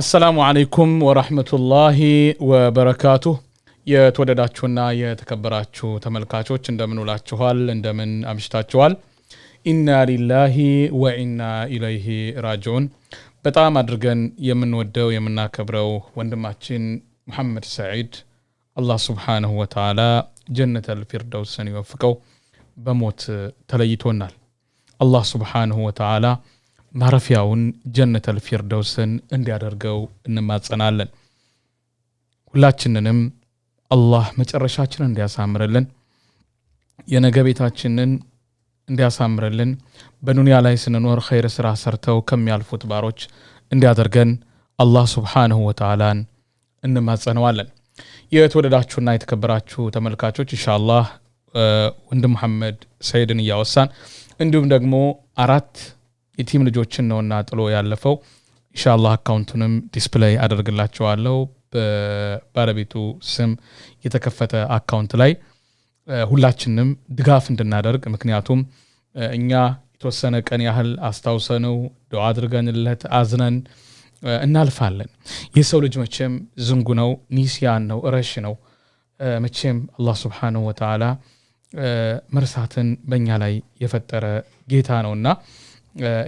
አሰላሙ አለይኩም ወራህመቱላሂ ወበረካቱ። የተወደዳችሁና የተከበራችሁ ተመልካቾች እንደምን ውላችኋል? እንደምን አምሽታችኋል? ኢና ሊላሂ ወኢና ኢለይሂ ራጅዑን። በጣም አድርገን የምንወደው የምናከብረው ወንድማችን ሙሐመድ ሰዒድ አላህ ስብሓንሁ ወተላ ጀነት ፊርደውስን ይወፍቀው። በሞት ተለይቶናል። አላህ ስብሓንሁ ወተላ ማረፊያውን ጀነተል ፊርደውስን እንዲያደርገው እንማጸናለን። ሁላችንንም አላህ መጨረሻችንን እንዲያሳምርልን የነገ ቤታችንን እንዲያሳምርልን በዱንያ ላይ ስንኖር ኸይር ስራ ሰርተው ከሚያልፉት ባሮች እንዲያደርገን አላህ ስብሓንሁ ወተላን እንማጸነዋለን። የተወደዳችሁና የተከበራችሁ ተመልካቾች ኢንሻአላህ ወንድ መሐመድ ሰይድን እያወሳን እንዲሁም ደግሞ አራት የቲም ልጆችን ነውና ጥሎ ያለፈው። ኢንሻላ አካውንቱንም ዲስፕሌይ አደርግላቸዋለሁ በባለቤቱ ስም የተከፈተ አካውንት ላይ ሁላችንም ድጋፍ እንድናደርግ ምክንያቱም እኛ የተወሰነ ቀን ያህል አስታውሰነው ዶ አድርገንለት አዝነን እናልፋለን። የሰው ልጅ መቼም ዝንጉ ነው፣ ኒስያን ነው፣ እረሽ ነው። መቼም አላህ ሱብሓነሁ ወተላ መርሳትን በእኛ ላይ የፈጠረ ጌታ ነውና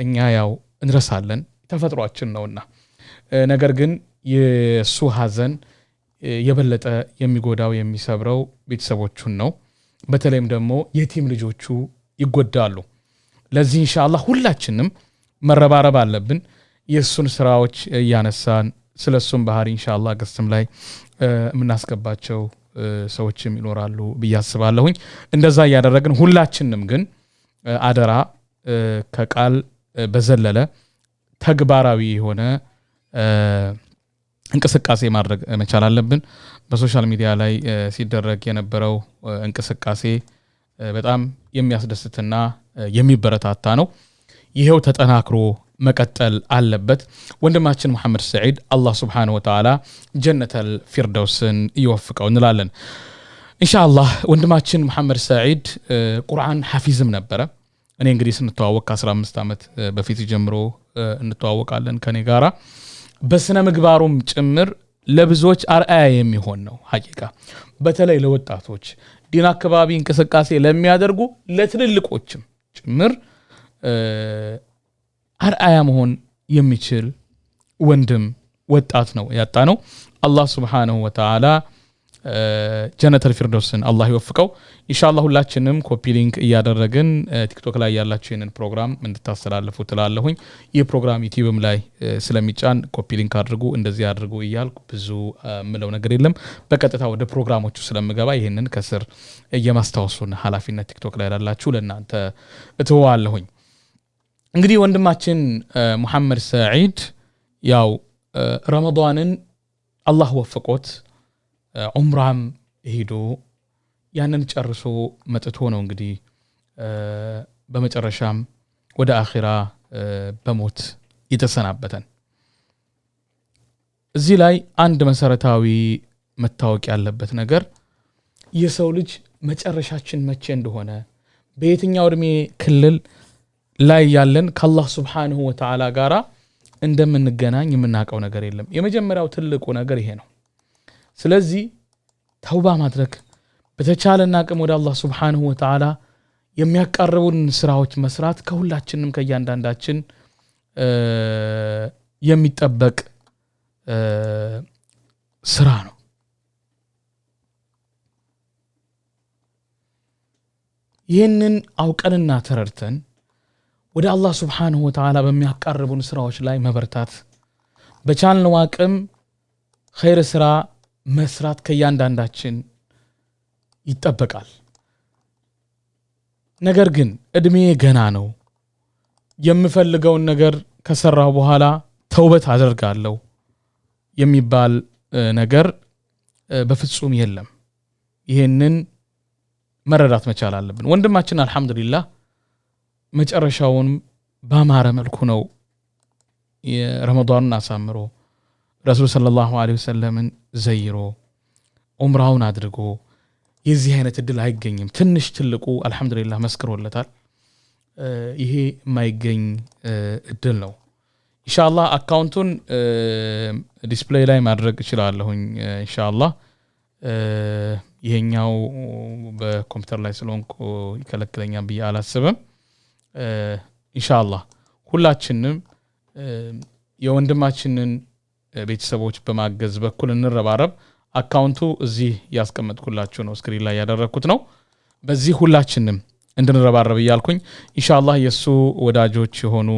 እኛ ያው እንረሳለን ተፈጥሯችን ነውና። ነገር ግን የእሱ ሀዘን የበለጠ የሚጎዳው የሚሰብረው ቤተሰቦቹን ነው። በተለይም ደግሞ የቲም ልጆቹ ይጎዳሉ። ለዚህ እንሻላ ሁላችንም መረባረብ አለብን። የእሱን ስራዎች እያነሳን ስለ እሱም ባህሪ እንሻላ ገስትም ላይ የምናስገባቸው ሰዎችም ይኖራሉ ብዬ አስባለሁኝ። እንደዛ እያደረግን ሁላችንም ግን አደራ ከቃል በዘለለ ተግባራዊ የሆነ እንቅስቃሴ ማድረግ መቻል አለብን። በሶሻል ሚዲያ ላይ ሲደረግ የነበረው እንቅስቃሴ በጣም የሚያስደስትና የሚበረታታ ነው። ይሄው ተጠናክሮ መቀጠል አለበት። ወንድማችን መሐመድ ሰዒድ አላህ ስብሓነሁ ወተዓላ ጀነተል ፊርደውስን እየወፍቀው እንላለን። ኢንሻ አላህ ወንድማችን መሐመድ ሰዒድ ቁርአን ሐፊዝም ነበረ። እኔ እንግዲህ ስንተዋወቅ ከ15 ዓመት በፊት ጀምሮ እንተዋወቃለን ከኔ ጋራ በስነ ምግባሩም ጭምር ለብዙዎች አርአያ የሚሆን ነው። ሀቂቃ በተለይ ለወጣቶች ዲን አካባቢ እንቅስቃሴ ለሚያደርጉ ለትልልቆችም ጭምር አርአያ መሆን የሚችል ወንድም ወጣት ነው ያጣ ነው። አላህ ስብሓንሁ ወተዓላ ጀነተል ፊርዶስን አላህ ይወፍቀው። ኢንሻላ ሁላችንም ኮፒ ሊንክ እያደረግን ቲክቶክ ላይ ያላችሁ ይህንን ፕሮግራም እንድታስተላልፉ ትላለሁኝ። ይህ ፕሮግራም ዩቲዩብም ላይ ስለሚጫን ኮፒ ሊንክ አድርጉ፣ እንደዚህ አድርጉ እያልኩ ብዙ ምለው ነገር የለም። በቀጥታ ወደ ፕሮግራሞቹ ስለምገባ ይህንን ከስር የማስታወሱን ሀላፊነት ቲክቶክ ላይ ላላችሁ ለእናንተ እትዋለሁኝ እንግዲህ ወንድማችን ሙሐመድ ሰዒድ ያው ረመዳንን አላህ ወፍቆት ዑምራም ሄዶ ያንን ጨርሶ መጥቶ ነው እንግዲህ በመጨረሻም ወደ አኼራ በሞት የተሰናበተን። እዚህ ላይ አንድ መሰረታዊ መታወቅ ያለበት ነገር የሰው ልጅ መጨረሻችን መቼ እንደሆነ በየትኛው እድሜ ክልል ላይ ያለን ከአላህ ሱብሓነሁ ወተዓላ ጋራ እንደምንገናኝ የምናውቀው ነገር የለም። የመጀመሪያው ትልቁ ነገር ይሄ ነው። ስለዚህ ተውባ ማድረግ በተቻለን አቅም ወደ አላህ ሱብሓነሁ ወተዓላ የሚያቃርቡን ስራዎች መስራት ከሁላችንም ከእያንዳንዳችን የሚጠበቅ ስራ ነው። ይህንን አውቀንና ተረድተን ወደ አላህ ሱብሓነሁ ወተዓላ በሚያቃርቡን ስራዎች ላይ መበርታት በቻልነው አቅም ኸይር ስራ መስራት ከእያንዳንዳችን ይጠበቃል። ነገር ግን እድሜ ገና ነው። የምፈልገውን ነገር ከሰራሁ በኋላ ተውበት አደርጋለሁ የሚባል ነገር በፍጹም የለም። ይህንን መረዳት መቻል አለብን። ወንድማችን አልሐምዱሊላህ መጨረሻውን በአማረ መልኩ ነው የረመዷንን አሳምሮ ረሱል ሰለላሁ ዐለይሂ ወሰለምን ዘይሮ ዑምራውን አድርጎ የዚህ አይነት እድል አይገኝም። ትንሽ ትልቁ አልሐምዱሊላህ መስክሮለታል። ይሄ የማይገኝ እድል ነው። ኢንሻአላህ አካውንቱን ዲስፕሌይ ላይ ማድረግ እችላለሁኝ። ኢንሻአላህ ይሄኛው በኮምፒውተር ላይ ስለሆንኩ ይከለክለኛል ብዬ አላስብም። ኢንሻአላህ ሁላችንም የወንድማችንን ቤተሰቦች በማገዝ በኩል እንረባረብ። አካውንቱ እዚህ ያስቀመጥኩላችሁ ነው፣ እስክሪን ላይ ያደረግኩት ነው። በዚህ ሁላችንም እንድንረባረብ እያልኩኝ ኢንሻላ የእሱ ወዳጆች የሆኑ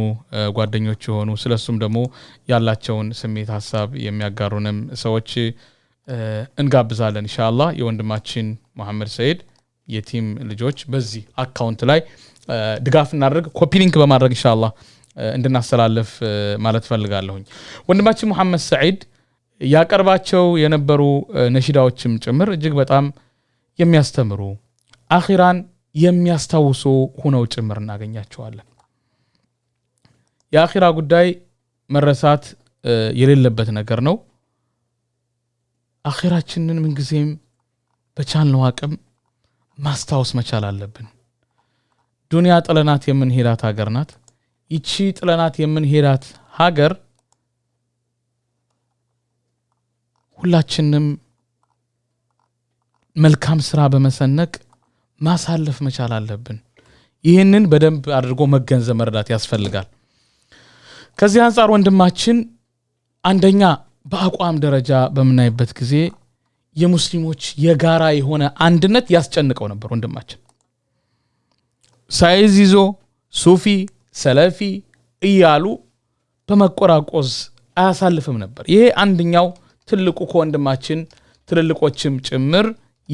ጓደኞች የሆኑ ስለ እሱም ደግሞ ያላቸውን ስሜት ሀሳብ የሚያጋሩንም ሰዎች እንጋብዛለን። ኢንሻላ የወንድማችን መሐመድ ሰይድ የቲም ልጆች በዚህ አካውንት ላይ ድጋፍ እናደርግ። ኮፒ ሊንክ በማድረግ ኢንሻላ እንድናስተላልፍ ማለት ፈልጋለሁኝ። ወንድማችን ሙሐመድ ሰዒድ ያቀርባቸው የነበሩ ነሽዳዎችም ጭምር እጅግ በጣም የሚያስተምሩ አኺራን የሚያስታውሱ ሁነው ጭምር እናገኛቸዋለን። የአኺራ ጉዳይ መረሳት የሌለበት ነገር ነው። አኺራችንን ምንጊዜም በቻልነው አቅም ማስታወስ መቻል አለብን። ዱንያ ጥለናት የምንሄዳት ሀገር ናት። ይቺ ጥለናት የምንሄዳት ሀገር ሁላችንም መልካም ስራ በመሰነቅ ማሳለፍ መቻል አለብን። ይህንን በደንብ አድርጎ መገንዘብ መረዳት ያስፈልጋል። ከዚህ አንጻር ወንድማችን አንደኛ በአቋም ደረጃ በምናይበት ጊዜ የሙስሊሞች የጋራ የሆነ አንድነት ያስጨንቀው ነበር። ወንድማችን ሳይዝ ይዞ ሱፊ ሰለፊ እያሉ በመቆራቆዝ አያሳልፍም ነበር። ይሄ አንደኛው ትልቁ ከወንድማችን ትልልቆችም ጭምር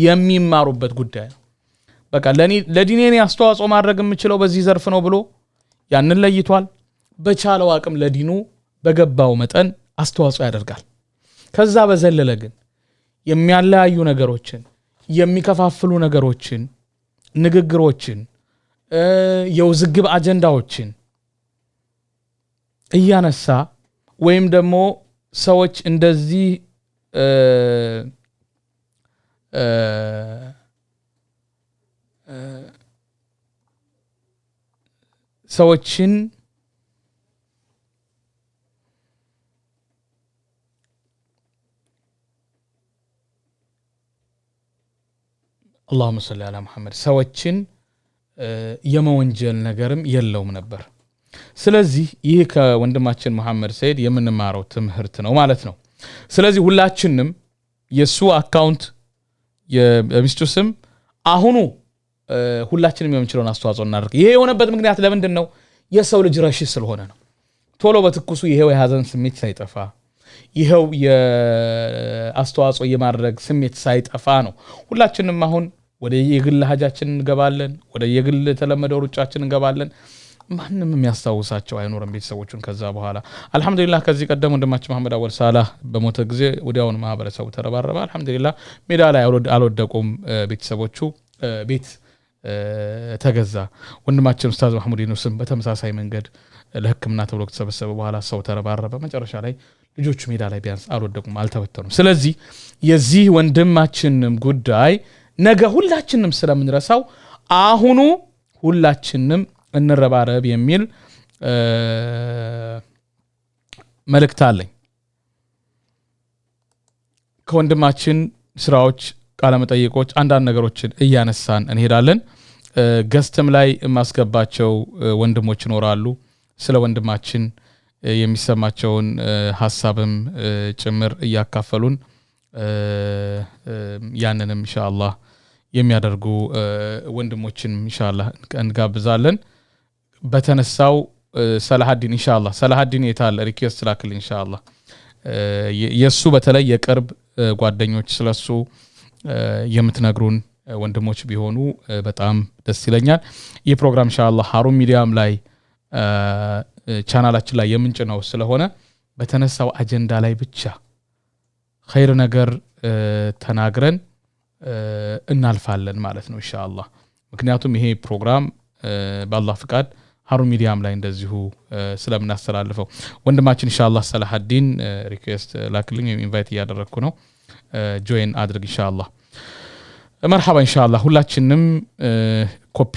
የሚማሩበት ጉዳይ ነው። በቃ ለዲኔኔ አስተዋጽኦ ማድረግ የምችለው በዚህ ዘርፍ ነው ብሎ ያንን ለይቷል። በቻለው አቅም ለዲኑ በገባው መጠን አስተዋጽኦ ያደርጋል። ከዛ በዘለለ ግን የሚያለያዩ ነገሮችን፣ የሚከፋፍሉ ነገሮችን፣ ንግግሮችን የውዝግብ አጀንዳዎችን እያነሳ ወይም ደግሞ ሰዎች እንደዚህ ሰዎችን اللهم صل على محمد ሰዎችን የመወንጀል ነገርም የለውም ነበር። ስለዚህ ይህ ከወንድማችን መሐመድ ሰይድ የምንማረው ትምህርት ነው ማለት ነው። ስለዚህ ሁላችንም የእሱ አካውንት የሚስቱ ስም አሁኑ ሁላችንም የምንችለውን አስተዋጽኦ እናደርግ። ይሄ የሆነበት ምክንያት ለምንድን ነው? የሰው ልጅ ረሺ ስለሆነ ነው። ቶሎ በትኩሱ ይሄው የሀዘን ስሜት ሳይጠፋ ይኸው የአስተዋጽኦ የማድረግ ስሜት ሳይጠፋ ነው። ሁላችንም አሁን ወደ የግል ሀጃችን እንገባለን። ወደ የግል የተለመደው ሩጫችን እንገባለን። ማንም የሚያስታውሳቸው አይኖርም ቤተሰቦቹን ከዛ በኋላ አልሐምዱሊላህ። ከዚህ ቀደም ወንድማችን መሐመድ አወል ሳላህ በሞተ ጊዜ ወዲያውን ማህበረሰቡ ተረባረበ። አልሐምዱሊላህ ሜዳ ላይ አልወደቁም ቤተሰቦቹ ቤት ተገዛ። ወንድማችን ኡስታዝ ማህሙድ ዩኑስም በተመሳሳይ መንገድ ለሕክምና ተብሎ ከተሰበሰበ በኋላ ሰው ተረባረበ። መጨረሻ ላይ ልጆቹ ሜዳ ላይ ቢያንስ አልወደቁም፣ አልተበተኑም። ስለዚህ የዚህ ወንድማችንም ጉዳይ ነገ ሁላችንም ስለምንረሳው አሁኑ ሁላችንም እንረባረብ የሚል መልእክት አለኝ። ከወንድማችን ስራዎች፣ ቃለመጠይቆች አንዳንድ ነገሮችን እያነሳን እንሄዳለን። ገዝትም ላይ የማስገባቸው ወንድሞች ይኖራሉ። ስለ ወንድማችን የሚሰማቸውን ሀሳብም ጭምር እያካፈሉን ያንንም ኢንሻአላህ የሚያደርጉ ወንድሞችን እንሻላ እንጋብዛለን። በተነሳው ሰላሀዲን እንሻላ ሰላሀዲን የታለ ሪኩዌስት ላክል እንሻላ የእሱ በተለይ የቅርብ ጓደኞች ስለሱ የምትነግሩን ወንድሞች ቢሆኑ በጣም ደስ ይለኛል። ይህ ፕሮግራም እንሻላ ሀሩን ሚዲያም ላይ ቻናላችን ላይ የምንጭነው ስለሆነ በተነሳው አጀንዳ ላይ ብቻ ኸይር ነገር ተናግረን እናልፋለን ማለት ነው ኢንሻአላህ። ምክንያቱም ይሄ ፕሮግራም በአላህ ፍቃድ ሀሩ ሚዲያም ላይ እንደዚሁ ስለምናስተላልፈው ወንድማችን ኢንሻአላህ ሰላሐዲን ሪኩዌስት ላክልኝ ወይም ኢንቫይት እያደረግኩ ነው። ጆይን አድርግ ኢንሻአላህ። መርሐባ ኢንሻአላህ። ሁላችንም ኮፒ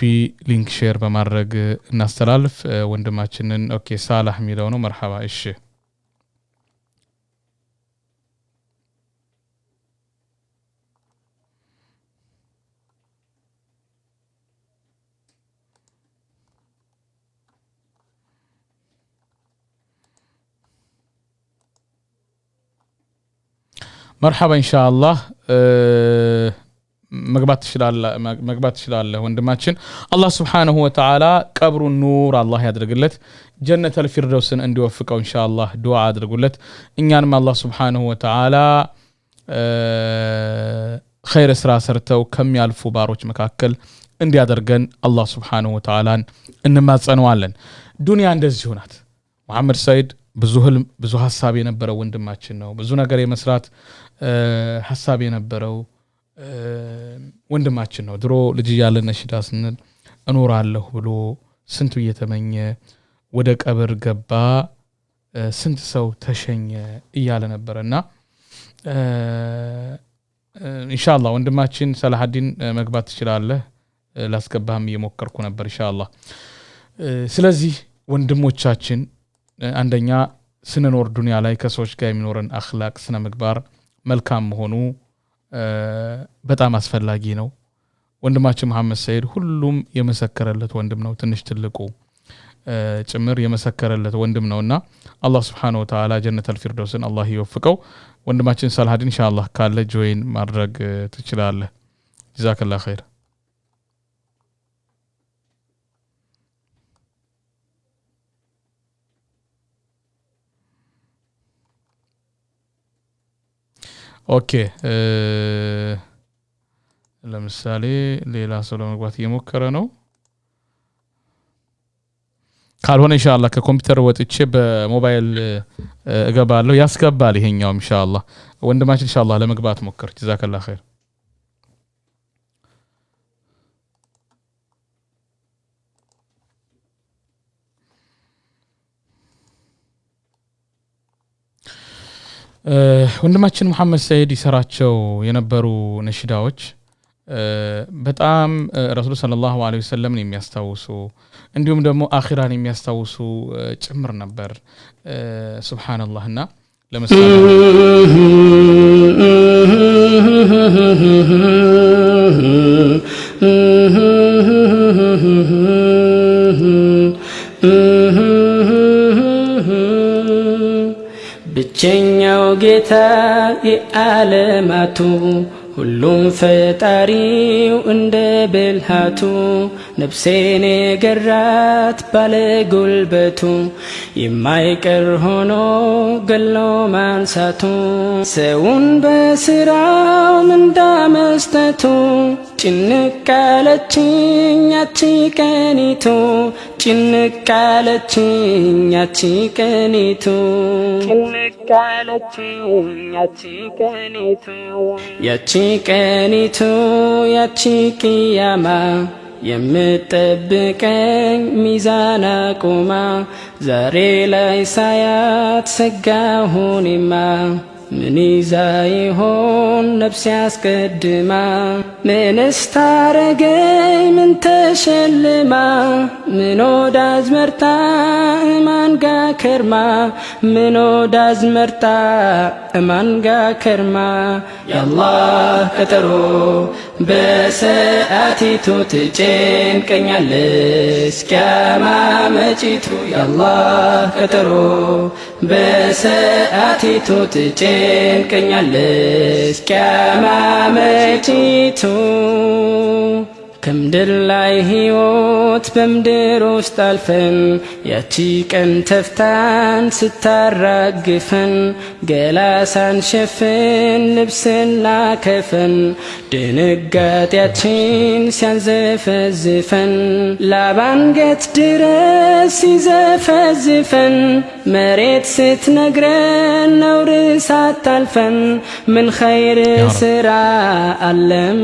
ሊንክ ሼር በማድረግ እናስተላልፍ። ወንድማችንን ኦኬ ሳላህ የሚለው ነው። መርሐባ እሺ። መርሓባ ኢንሻአላህ መግባት ትችላለህ ወንድማችን። አላህ ስብሓነሁ ወተዓላ ቀብሩን ኑር አላህ ያድርግለት፣ ጀነተል ፊርደውስን እንዲወፍቀው ኢንሻአላህ ዱዓ አድርጉለት። እኛንም አላህ ስብሓነሁ ወተዓላ ኸይረ ስራ ሰርተው ከሚያልፉ ባሮች መካከል እንዲያደርገን አላህ ስብሓነሁ ወተዓላን እንማጸነዋለን። ዱንያ እንደዚህ ናት። መሐመድ ሰይድ ብዙ ህልም ብዙ ሀሳብ የነበረው ወንድማችን ነው። ብዙ ነገር የመስራት ሀሳብ የነበረው ወንድማችን ነው። ድሮ ልጅ እያለን ነሽዳ ስንል እኖራለሁ ብሎ ስንቱ እየተመኘ ወደ ቀብር ገባ፣ ስንት ሰው ተሸኘ እያለ ነበረ እና እንሻላ ወንድማችን ሰላሀዲን መግባት ትችላለህ። ላስገባህም እየሞከርኩ ነበር እንሻላ ስለዚህ ወንድሞቻችን አንደኛ ስንኖር ዱንያ ላይ ከሰዎች ጋር የሚኖረን አክላቅ ስነ ምግባር መልካም መሆኑ በጣም አስፈላጊ ነው። ወንድማችን መሐመድ ሰይድ ሁሉም የመሰከረለት ወንድም ነው፣ ትንሽ ትልቁ ጭምር የመሰከረለት ወንድም እና አላህ ስብሓነሁ ወተላ ጀነት አልፊርዶስን አላ ይወፍቀው። ወንድማችን ሳልሃዲን እንሻ ካለ ጆይን ማድረግ ትችላለህ። ጅዛክላ ኸይር። ኦኬ ለምሳሌ ሌላ ሰው ለመግባት እየሞከረ ነው። ካልሆነ ኢንሻላ ከኮምፒውተር ወጥቼ በሞባይል እገባለሁ። ያስገባል ይሄኛው ኢንሻላ። ወንድማችን ኢንሻላ ለመግባት ሞከር ጅዛከላ ኸይር ወንድማችን መሐመድ ሰይድ ይሰራቸው የነበሩ ነሽዳዎች በጣም ረሱሉ ሰለላሁ ዐለይሂ ወሰለምን የሚያስታውሱ እንዲሁም ደግሞ አኪራን የሚያስታውሱ ጭምር ነበር። ሱብሓነላህ እና ለምሳሌ ብቸኛው ጌታ የዓለማቱ ሁሉም ፈጣሪው እንደ ብልሃቱ ነፍሴን የገራት ባለ ጉልበቱ የማይቀር ሆኖ ገሎ ማንሳቱ ሰውን በስራው ምንዳ መስጠቱ ጭንቃለችኝ ቀኒቱ ጭንቃለችኝ ያቺ ቀኒቱ ጭንቃለችኝ ያቺ ቀኒቱ ያቺ ቅያማ የምጠብቀኝ ሚዛን አቁማ ዛሬ ላይ ሳያት ሰጋሁኔማ ምን ይዛ ይሆን ነፍስ ያስቀድማ ምንስ ታረገኝ ምን ተሸልማ ምን ወዳዝ መርታ ማንጋ ከርማ ምን ወዳዝ መርታ እማን ከርማ የአላህ ቀጠሮ በሰአቲቱ ትጨንቀኛለች ቅያማ መጪቱ የአላህ ቀጠሮ በሰአቲቱ ትጨንቀኛለች ቅያማ መጪቱ ከምድር ላይ ሕይወት በምድር ውስጥ አልፈን ያቺ ቀን ተፍታን ስታራግፈን ገላ ሳንሸፍን ልብስን ላከፈን ድንጋጤያችን ሲያንዘፈዝፈን ላባንገት ድረስ ሲዘፈዝፈን መሬት ስትነግረን ነውር ሳታልፈን ምን ኸይር ስራ አለም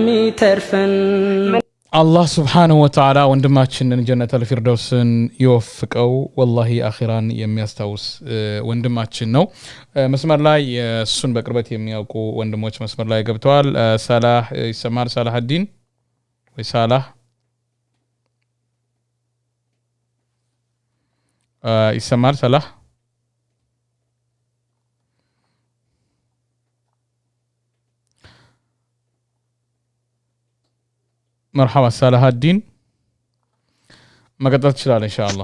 አላህ ስብሓነሁ ወተዓላ ወንድማችንን ጀነተል ፊርደውስን ይወፍቀው። ወላሂ አኺራን የሚያስታውስ ወንድማችን ነው። መስመር ላይ እሱን በቅርበት የሚያውቁ ወንድሞች መስመር ላይ ገብተዋል። ሳላህ ይሰማል? ሳላህ አዲን ወይ ሳላህ ይሰማል? ሳላህ መርሓባ ሳላሃዲን መቀጠል ትችላለህ። እንሻላ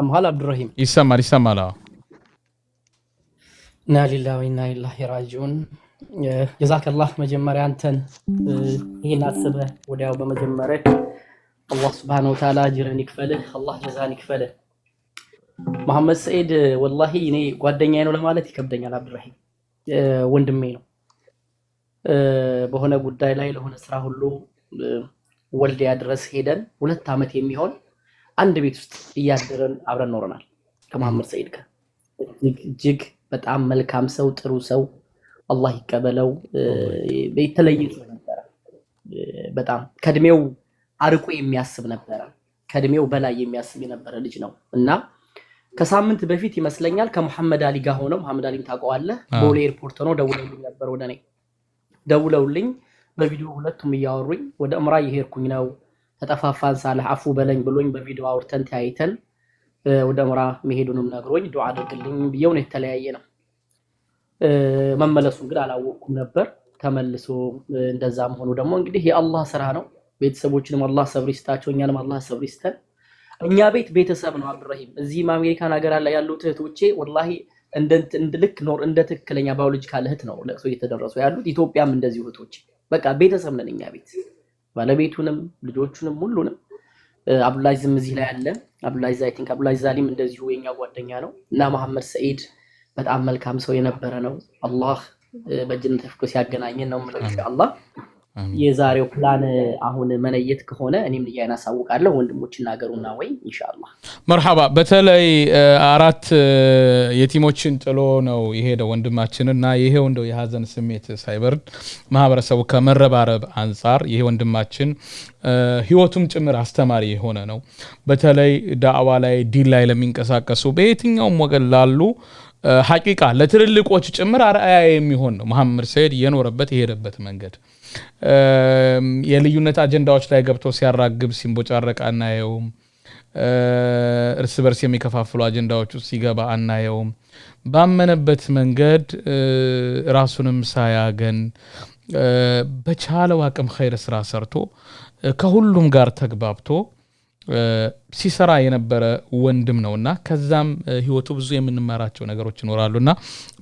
አምሃል አብዱራሂም ይሰማል ይሰማል። እና ሊላ ወይና ላ ራጅዑን ጀዛከላህ። መጀመሪያ አንተን ይህን አስበህ ወዲያው በመጀመሪያ አላህ ስብሃነ ወተዓላ ጅርን ይክፈልህ፣ አላህ ጀዛን ይክፈልህ። መሐመድ ሰኢድ ወላሂ እኔ ጓደኛዬ ነው ለማለት ይከብደኛል። አብዱራሂም ወንድሜ ነው። በሆነ ጉዳይ ላይ ለሆነ ስራ ሁሉ ወልዲያ ድረስ ሄደን ሁለት ዓመት የሚሆን አንድ ቤት ውስጥ እያደረን አብረን ኖረናል ከመሐመድ ሰይድ ጋር። እጅግ በጣም መልካም ሰው፣ ጥሩ ሰው፣ አላህ ይቀበለው። የተለየ ሰው ነበረ። በጣም ከእድሜው አርቆ የሚያስብ ነበረ። ከድሜው በላይ የሚያስብ የነበረ ልጅ ነው እና ከሳምንት በፊት ይመስለኛል ከሙሐመድ አሊ ጋር ሆነው፣ ሙሐመድ አሊም ታውቀዋለህ፣ ቦሌ ኤርፖርት ሆነው ደውለውልኝ ነበር ወደ እኔ ደውለውልኝ በቪዲዮ ሁለቱም እያወሩኝ ወደ እምራ እየሄድኩኝ ነው። ተጠፋፋን ሳለህ አፉ በለኝ ብሎኝ በቪዲዮ አውርተን ተያይተን ወደ እምራ መሄዱንም ነግሮኝ ዱዓ አድርግልኝ ብየው ነው የተለያየ ነው። መመለሱን ግን አላወቅኩም ነበር። ተመልሶ እንደዛ መሆኑ ደግሞ እንግዲህ የአላህ ስራ ነው። ቤተሰቦችንም አላህ ሰብር ይስጣቸው፣ እኛንም አላህ ሰብር ይስጠን። እኛ ቤት ቤተሰብ ነው አብዱራሂም። እዚህም አሜሪካን ሀገር ላይ ያሉት እህቶቼ ወላሂ እንደ ልክ ኖር እንደ ትክክለኛ ባዮሎጂካል እህት ነው ለቅሶ እየተደረሱ ያሉት። ኢትዮጵያም እንደዚሁ እህቶቼ በቃ ቤተሰብ ነን እኛ ቤት ባለቤቱንም ልጆቹንም ሁሉንም። አብዱላዚም እዚህ ላይ አለ። አብዱላዚ አይ ቲንክ አብዱላዚ ዛሊም እንደዚሁ የኛ ጓደኛ ነው እና መሐመድ ሰኢድ በጣም መልካም ሰው የነበረ ነው። አላህ በጅነት ፍቅር ሲያገናኘን ነው ምለ ኢንሻአላህ የዛሬው ፕላን አሁን መለየት ከሆነ እኔም ልያን አሳውቃለሁ። ወንድሞች እናገሩና ወይ እንሻላ መርሓባ። በተለይ አራት የቲሞችን ጥሎ ነው የሄደው ወንድማችን እና ይሄው እንደው የሀዘን ስሜት ሳይበርድ ማህበረሰቡ ከመረባረብ አንጻር ይሄ ወንድማችን ህይወቱም ጭምር አስተማሪ የሆነ ነው። በተለይ ዳዕዋ ላይ ዲል ላይ ለሚንቀሳቀሱ በየትኛውም ወገን ላሉ ሀቂቃ ለትልልቆች ጭምር አርአያ የሚሆን ነው። መሐመድ ሰይድ የኖረበት የሄደበት መንገድ የልዩነት አጀንዳዎች ላይ ገብቶ ሲያራግብ ሲንቦጫረቅ አናየውም። እርስ በርስ የሚከፋፍሉ አጀንዳዎች ውስጥ ሲገባ አናየውም። ባመነበት መንገድ ራሱንም ሳያገን በቻለው አቅም ኸይር ስራ ሰርቶ ከሁሉም ጋር ተግባብቶ ሲሰራ የነበረ ወንድም እና ከዛም ህይወቱ ብዙ የምንመራቸው ነገሮች እና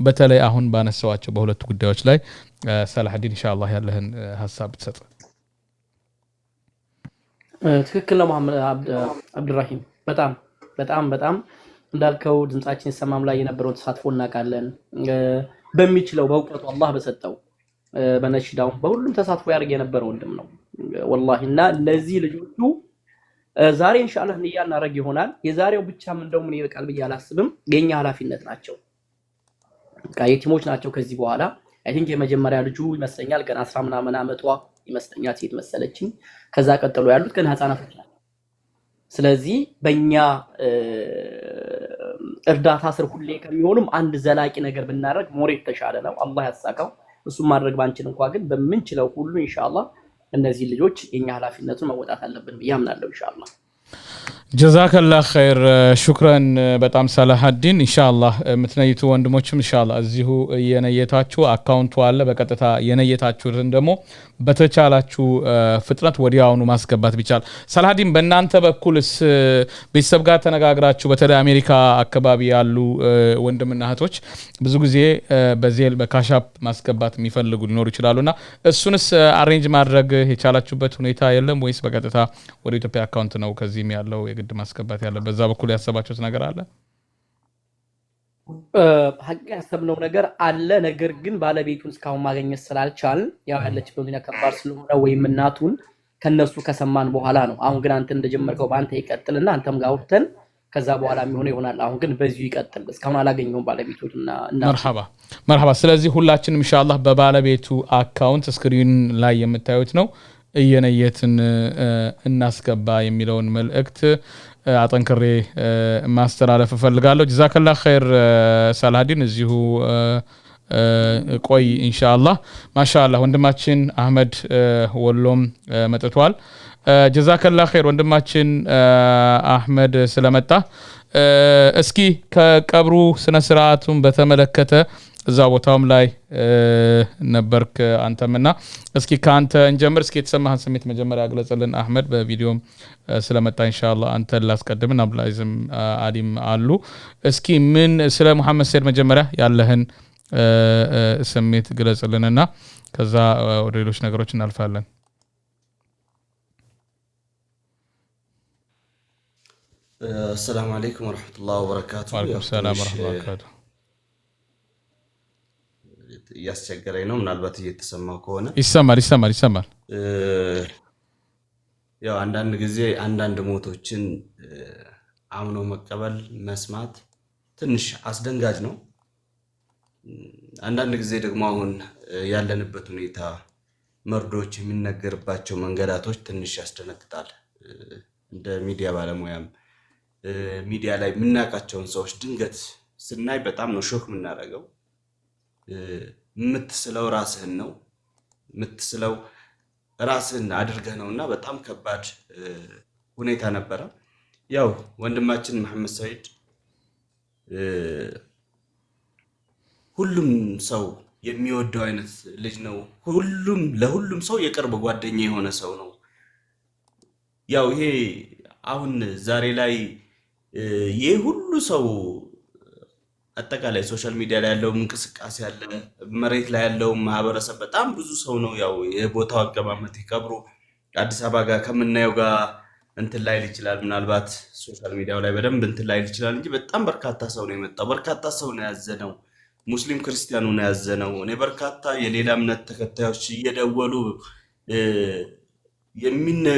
በተለይ አሁን ባነሳዋቸው በሁለቱ ጉዳዮች ላይ ሰላሐዲን ኢንሻ አላህ ያለህን ሀሳብ ብትሰጥ ትክክል ነው። መሐመድ አብዱራሂም በጣም በጣም በጣም እንዳልከው ድምፃችን ይሰማም ላይ የነበረውን ተሳትፎ እናውቃለን። በሚችለው በእውቀቱ አላህ በሰጠው በነሽዳው በሁሉም ተሳትፎ ያደርግ የነበረ ወንድም ነው ወላሂ። እና እነዚህ ልጆቹ ዛሬ ኢንሻአላህ ንያ እናደርግ ይሆናል። የዛሬው ብቻም እንደውም እኔ ይበቃል ብዬ አላስብም። የኛ ኃላፊነት ናቸው፣ የቲሞች ናቸው ከዚህ በኋላ አይ ቲንክ የመጀመሪያ ልጁ ይመስለኛል ገና አስራ ምናምን ዓመቷ ይመስለኛል ሴት መሰለችኝ። ከዛ ቀጥሎ ያሉት ገና ህፃናቶች ናቸው። ስለዚህ በእኛ እርዳታ ስር ሁሌ ከሚሆኑም አንድ ዘላቂ ነገር ብናደርግ ሞሬ የተሻለ ነው። አላህ ያሳካው። እሱም ማድረግ ባንችል እንኳ ግን በምንችለው ሁሉ ኢንሻአላህ እነዚህ ልጆች የኛ ኃላፊነቱን መወጣት አለብን ብዬ አምናለሁ ኢንሻአላህ። ጀዛከላህ ኸይር ሹክረን በጣም ሰላሀዲን። እንሻላ የምትነይቱ ወንድሞችም ኢንሻአላህ እዚሁ የነየታችሁ አካውንቱ አለ። በቀጥታ የነየታችሁትን ደግሞ በተቻላችሁ ፍጥነት ወዲያውኑ ማስገባት ቢቻል። ሰላሀዲን በእናንተ በኩልስ ቤተሰብ ጋር ተነጋግራችሁ፣ በተለይ አሜሪካ አካባቢ ያሉ ወንድምና እህቶች ብዙ ጊዜ በዜል በካሻፕ ማስገባት የሚፈልጉ ሊኖሩ ይችላሉና እሱንስ አሬንጅ ማድረግ የቻላችሁበት ሁኔታ የለም ወይስ በቀጥታ ወደ ኢትዮጵያ አካውንት ነው ከዚህም ያለው ግድ ማስገባት ያለ በዛ በኩል ያሰባችሁት ነገር አለ? ሀቅ ያሰብነው ነገር አለ። ነገር ግን ባለቤቱን እስካሁን ማገኘት ስላልቻል ያው ያለች ሁኔታ ከባድ ስለሆነ ወይም እናቱን ከነሱ ከሰማን በኋላ ነው። አሁን ግን አንተ እንደጀመርከው በአንተ ይቀጥልና አንተም ጋር አውርተን ከዛ በኋላ የሚሆነ ይሆናል። አሁን ግን በዚሁ ይቀጥል። እስካሁን አላገኘውም ባለቤቶች መርሓባ መርሓባ ስለዚህ ሁላችንም ኢንሻላህ በባለቤቱ አካውንት ስክሪን ላይ የምታዩት ነው እየነየትን እናስገባ የሚለውን መልእክት አጠንክሬ ማስተላለፍ እፈልጋለሁ። ጀዛከላ ኸይር ሳላዲን እዚሁ ቆይ ኢንሻአላህ። ማሻአላህ ወንድማችን አህመድ ወሎም መጥቷል። ጀዛከላ ኸይር ወንድማችን አህመድ ስለመጣ እስኪ ከቀብሩ ስነስርዓቱን በተመለከተ እዛ ቦታውም ላይ ነበርክ አንተም እና እስኪ ከአንተ እንጀምር። እስኪ የተሰማህን ስሜት መጀመሪያ አግለጽልን አህመድ። በቪዲዮም ስለመጣ እንሻላ አንተ ላስቀድምን፣ አብላይዝም አሊም አሉ። እስኪ ምን ስለ ሙሐመድ ሴድ መጀመሪያ ያለህን ስሜት ግለጽልንና ከዛ ወደ ሌሎች ነገሮች እናልፋለን። አሰላሙ አለይኩም ረመቱላ ወበረካቱ እያስቸገረኝ ነው። ምናልባት እየተሰማው ከሆነ ይሰማል ይሰማል ይሰማል። ያው አንዳንድ ጊዜ አንዳንድ ሞቶችን አምኖ መቀበል መስማት ትንሽ አስደንጋጭ ነው። አንዳንድ ጊዜ ደግሞ አሁን ያለንበት ሁኔታ መርዶች የሚነገርባቸው መንገዳቶች ትንሽ ያስደነግጣል። እንደ ሚዲያ ባለሙያም ሚዲያ ላይ የምናውቃቸውን ሰዎች ድንገት ስናይ በጣም ነው ሾክ የምናደርገው። የምትስለው ራስህን ነው የምትስለው ራስህን አድርገህ ነው እና በጣም ከባድ ሁኔታ ነበረ። ያው ወንድማችን መሐመድ ሰይድ ሁሉም ሰው የሚወደው አይነት ልጅ ነው። ሁሉም ለሁሉም ሰው የቅርብ ጓደኛ የሆነ ሰው ነው። ያው ይሄ አሁን ዛሬ ላይ ይሄ ሁሉ ሰው አጠቃላይ ሶሻል ሚዲያ ላይ ያለው እንቅስቃሴ አለ፣ መሬት ላይ ያለው ማህበረሰብ በጣም ብዙ ሰው ነው። ያው የቦታው አቀማመጥ ከብሮ አዲስ አበባ ጋር ከምናየው ጋር እንትን ላይል ይችላል። ምናልባት ሶሻል ሚዲያው ላይ በደንብ እንትን ላይል ይችላል እንጂ በጣም በርካታ ሰው ነው የመጣው። በርካታ ሰው ነው ያዘ ነው ሙስሊም ክርስቲያኑ ነው ያዘ ነው። እኔ በርካታ የሌላ እምነት ተከታዮች እየደወሉ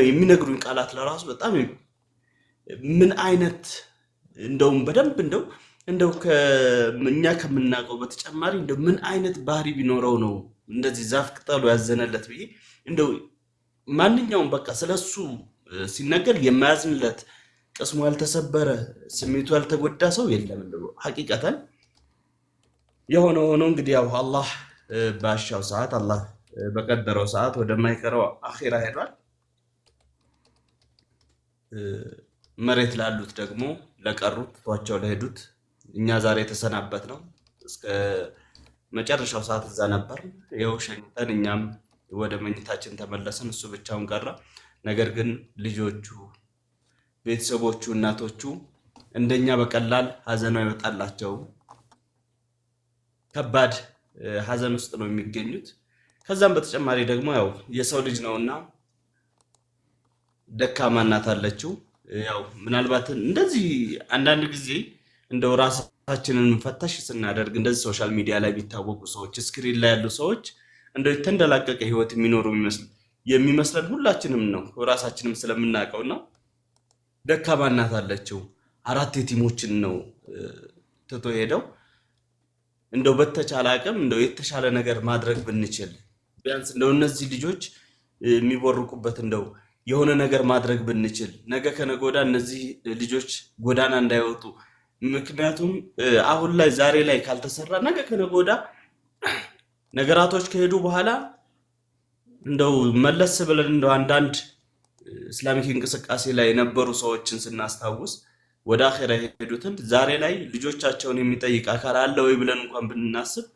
የሚነግሩኝ ቃላት ለራሱ በጣም ምን አይነት እንደውም በደንብ እንደው እንደው እኛ ከምናውቀው በተጨማሪ እንደው ምን አይነት ባህሪ ቢኖረው ነው እንደዚህ ዛፍ ቅጠሉ ያዘነለት ብዬ እንደው ማንኛውም በቃ ስለሱ ሲነገር የማያዝንለት ቅስሙ ያልተሰበረ ስሜቱ ያልተጎዳ ሰው የለም። እንደው ሀቂቀተን የሆነ ሆኖ እንግዲህ ያው አላህ ባሻው ሰዓት አላህ በቀደረው ሰዓት ወደማይቀረው አኼራ ሄዷል። መሬት ላሉት ደግሞ ለቀሩት ቷቸው ለሄዱት እኛ ዛሬ የተሰናበት ነው። እስከ መጨረሻው ሰዓት እዛ ነበር። ይኸው ሸኝተን እኛም ወደ መኝታችን ተመለስን። እሱ ብቻውን ቀረ። ነገር ግን ልጆቹ፣ ቤተሰቦቹ፣ እናቶቹ እንደኛ በቀላል ሀዘን አይወጣላቸው። ከባድ ሀዘን ውስጥ ነው የሚገኙት። ከዛም በተጨማሪ ደግሞ ያው የሰው ልጅ እና ደካማ እናት አለችው። ያው ምናልባት እንደዚህ አንዳንድ ጊዜ እንደው ራሳችንን ፈተሽ ስናደርግ እንደዚህ ሶሻል ሚዲያ ላይ የሚታወቁ ሰዎች፣ ስክሪን ላይ ያሉ ሰዎች እንደው የተንደላቀቀ ህይወት የሚኖሩ የሚመስለን ሁላችንም ነው። ራሳችንም ስለምናውቀው ነው። ደካማ እናት አለችው አራት የቲሞችን ነው ትቶ ሄደው። እንደው በተቻለ አቅም እንደው የተሻለ ነገር ማድረግ ብንችል ቢያንስ እንደው እነዚህ ልጆች የሚቦርቁበት እንደው የሆነ ነገር ማድረግ ብንችል ነገ ከነገ ወዲያ እነዚህ ልጆች ጎዳና እንዳይወጡ ምክንያቱም አሁን ላይ ዛሬ ላይ ካልተሰራ ነገ ከነገ ወዲያ ነገራቶች ከሄዱ በኋላ እንደው መለስ ብለን እንደው አንዳንድ እስላሚክ እንቅስቃሴ ላይ የነበሩ ሰዎችን ስናስታውስ ወደ አኼራ የሄዱትን ዛሬ ላይ ልጆቻቸውን የሚጠይቅ አካል አለ ወይ ብለን እንኳን ብናስብ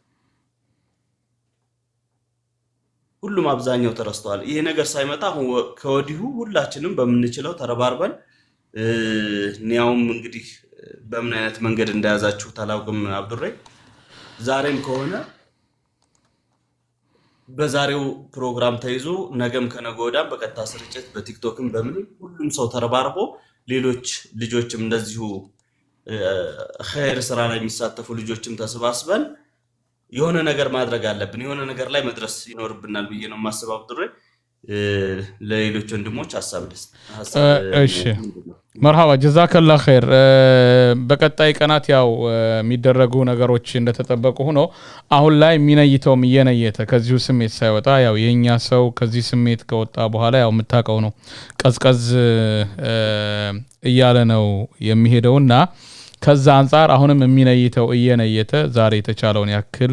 ሁሉም አብዛኛው ተረስተዋል። ይሄ ነገር ሳይመጣ አሁን ከወዲሁ ሁላችንም በምንችለው ተረባርበን እኒያውም እንግዲህ በምን አይነት መንገድ እንደያዛችሁ አላውቅም። አብዱሬ ዛሬም ከሆነ በዛሬው ፕሮግራም ተይዞ ነገም ከነገ ወዲያም በቀጥታ ስርጭት በቲክቶክም በምን ሁሉም ሰው ተረባርቦ ሌሎች ልጆችም እንደዚሁ ኸይር ስራ ላይ የሚሳተፉ ልጆችም ተሰባስበን የሆነ ነገር ማድረግ አለብን። የሆነ ነገር ላይ መድረስ ይኖርብናል ብዬ ነው የማስበው አብዱሬ ለሌሎች ወንድሞች ሀሳብ ደስ እሺ፣ መርሃባ ጀዛከላ ኸይር። በቀጣይ ቀናት ያው የሚደረጉ ነገሮች እንደተጠበቁ ሆኖ አሁን ላይ የሚነይተውም እየነየተ ከዚሁ ስሜት ሳይወጣ ያው የእኛ ሰው ከዚህ ስሜት ከወጣ በኋላ ያው የምታውቀው ነው ቀዝቀዝ እያለ ነው የሚሄደውና ከዛ አንጻር አሁንም የሚነይተው እየነየተ ዛሬ የተቻለውን ያክል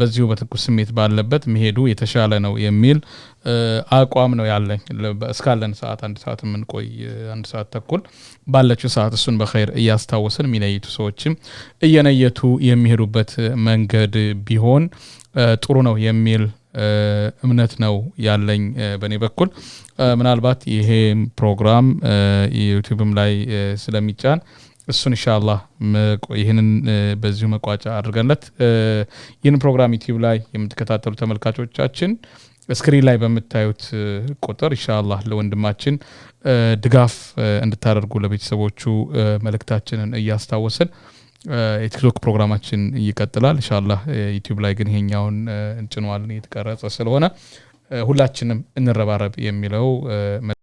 በዚሁ በትኩስ ስሜት ባለበት መሄዱ የተሻለ ነው የሚል አቋም ነው ያለኝ። እስካለን ሰዓት አንድ ሰዓት የምንቆይ አንድ ሰዓት ተኩል ባለችው ሰዓት እሱን በኸይር እያስታወስን የሚነይቱ ሰዎችም እየነየቱ የሚሄዱበት መንገድ ቢሆን ጥሩ ነው የሚል እምነት ነው ያለኝ በእኔ በኩል። ምናልባት ይሄ ፕሮግራም ዩቲብም ላይ ስለሚጫን እሱን ኢንሻላ ይህንን በዚሁ መቋጫ አድርገንለት ይህን ፕሮግራም ዩቲዩብ ላይ የምትከታተሉ ተመልካቾቻችን ስክሪን ላይ በምታዩት ቁጥር ኢንሻላ ለወንድማችን ድጋፍ እንድታደርጉ ለቤተሰቦቹ መልእክታችንን እያስታወስን የቲክቶክ ፕሮግራማችን ይቀጥላል። ኢንሻላ ዩቲዩብ ላይ ግን ይሄኛውን እንጭነዋልን የተቀረጸ ስለሆነ ሁላችንም እንረባረብ የሚለው